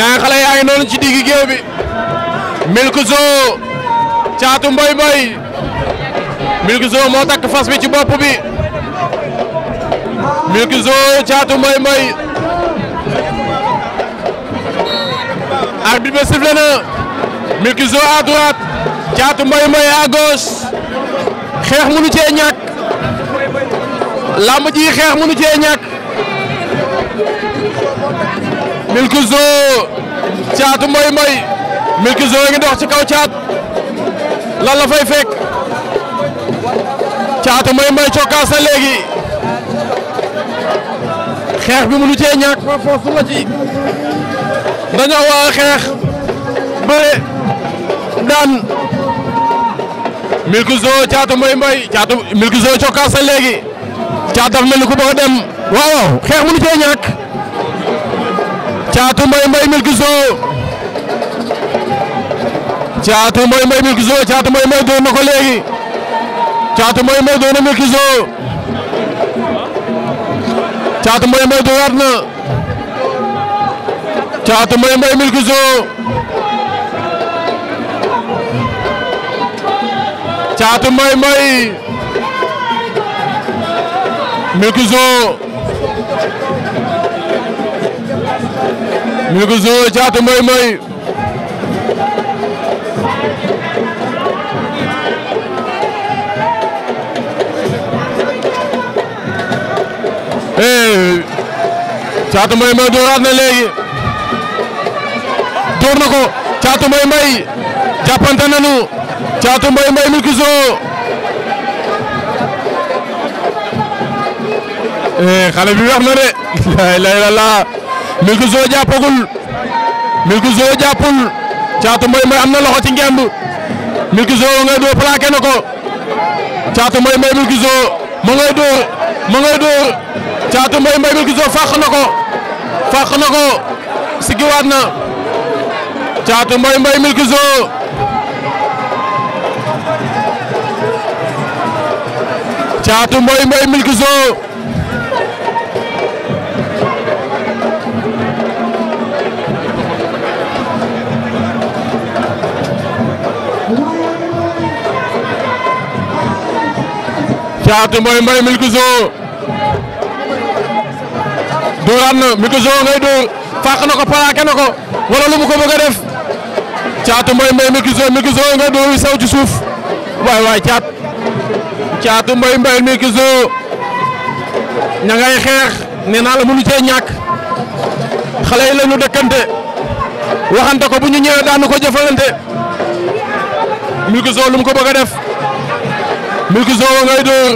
ñaari xale yaa ngi ci diggi géew bi Milkzo caatu mboy mboy Milkzo moo takk fas bi ci bopp bi Milkzo caatu mboy mboy arbitre bi sifflé na Milkzo à droite caatu mboy mboy à gauche xeex mënu cee lamb ji xeex mënu cee ñàkk Milkzo Thiatou Mboye Mboye Milkzo ngi dox ci kaw Thiat lan la fay fekk Thiatou Mboye Mboye léegi xeex bi mënu cee ñàkk ma foofu la ci dañoo war a xeex bëre daan Milkzo Thiatou Mboye Mboye Thiatou Milkzo cokkaas na léegi Thiat dafa mel ni ku bëgg a dem waaw xeex mënu cee ñàkk. Caatu Mboy Mboy Milkzo Caatu Caatu Mboy Mboy doon ko léegi Caatu Mboy Mboy doon na Milkzo Caatu Mboy Mboy doonaat na Caatu ñu ngi ko joué Caatu Mboy Mboy eh Caatu Mboy Mboy dooraat na léegi door na ko Caatu Mboy Mboy jàppante nañu Caatu Mboy Mboy mi ngi ko joué eh, xale bi wax na de lay lay la Milk Zoo jàppagul Milk Zoo jàppul Caatu Mboy Mboy am na loxo ci ngemb Milk Zoo ngay dóor plaqué na ko Caatu Mboy Mboy Milk Zoo ma ngay ma ngay Caatu Mboy Mboy Milk Zoo fàq na ko fàq na na Caatu Mboy Mboy Milk Zoo Caatu Mboy Mboy Milkzo dóoraat na Milkzo ngay dóor fàq na ko plaqué na ko wala lu mu ko bëgg a def Caatu Mboy Mboy Milkzo Milkzo ngay dóor wi saw ci suuf waay waay caat Caatu Mboy Mboy Milkzo ña ngay xeex nee naa la mënu cee ñàkk xale yi la ñu dëkkante waxante ko bu ñu ñëwee daan ko jëfalante Milkzo lu mu ko bëgg a def. Milky Sow ngay dóor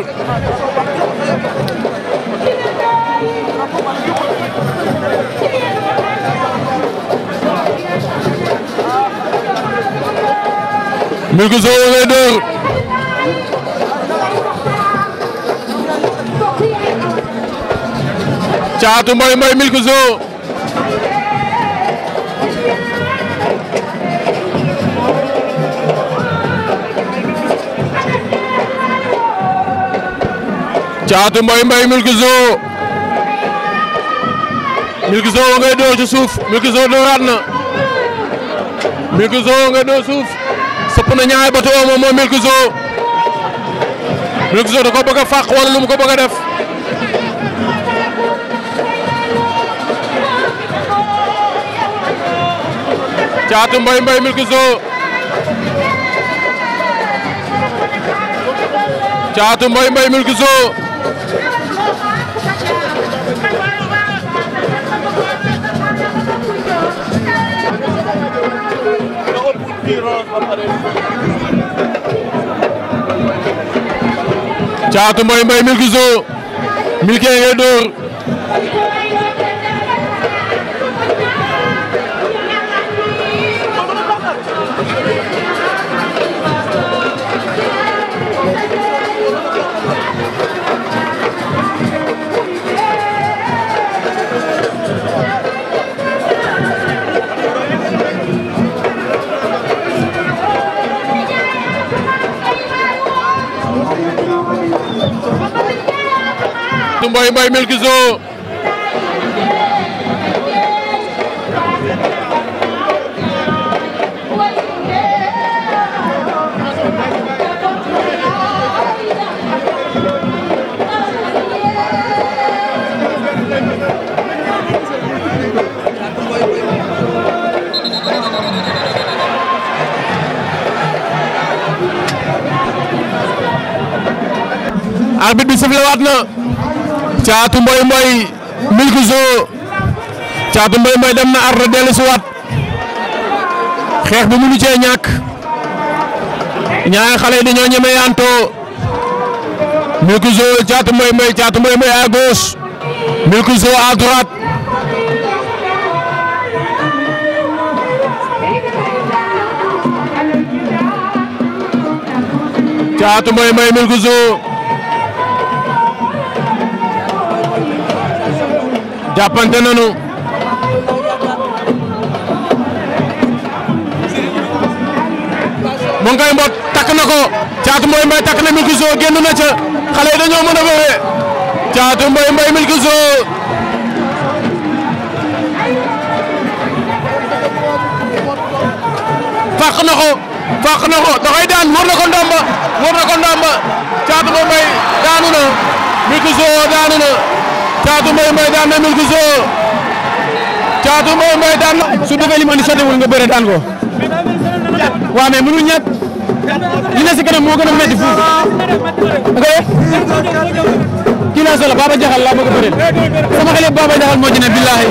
Milky Sow ngay dóor Caatu Mboy Mboy Milky Sow caatu mbay mbay Milkzo Milkzo wa ngay doo ci suuf Milkzo dooraat na Milkzo wa ngay doo suuf sëpp na ñaay bato moom moom Milkzo Milkzo da ko bëgg a fàq wala lu mu ko bëgg a def caatu mbay mbay Milkzo caatu Caatu Mboy Mboy Milkzo Milky ngay dóor Boy Boy Milkzo arbitre bi sëflewaat na caatu mboy mbay milki caatu mboy mboy dem na ardo dellu si waat xeex bi mënu cee ñàkk ñaari xale yi dañoo ñeme yaantoo milki caatu mboy mboy caatu mboy mboy caatu mboy mboy milki jàppante nañu mu ngi koy takk na ko caatu mboy mbay takk na milki zoo génn na ca xale yi dañoo mën a bëre caatu mboy mbay milki zoo fàq na ko fàq na ko da koy daan wër na ko ndomba wër na ko ndomba caatu mbay daanu na milki zoo daanu na Caatu Mbaye Mbaye daan na Milk Zor Caatu Mbaye Mbaye daan na. su defee li mu andi sottiwul nga bëre daan ko. waaw mais mënul ñett li ne si kanam moo gën a métti fuuf. ok kii naa Jaxal laa bëgg a bëre sama xale Baba Jaxal moo ci billaahi.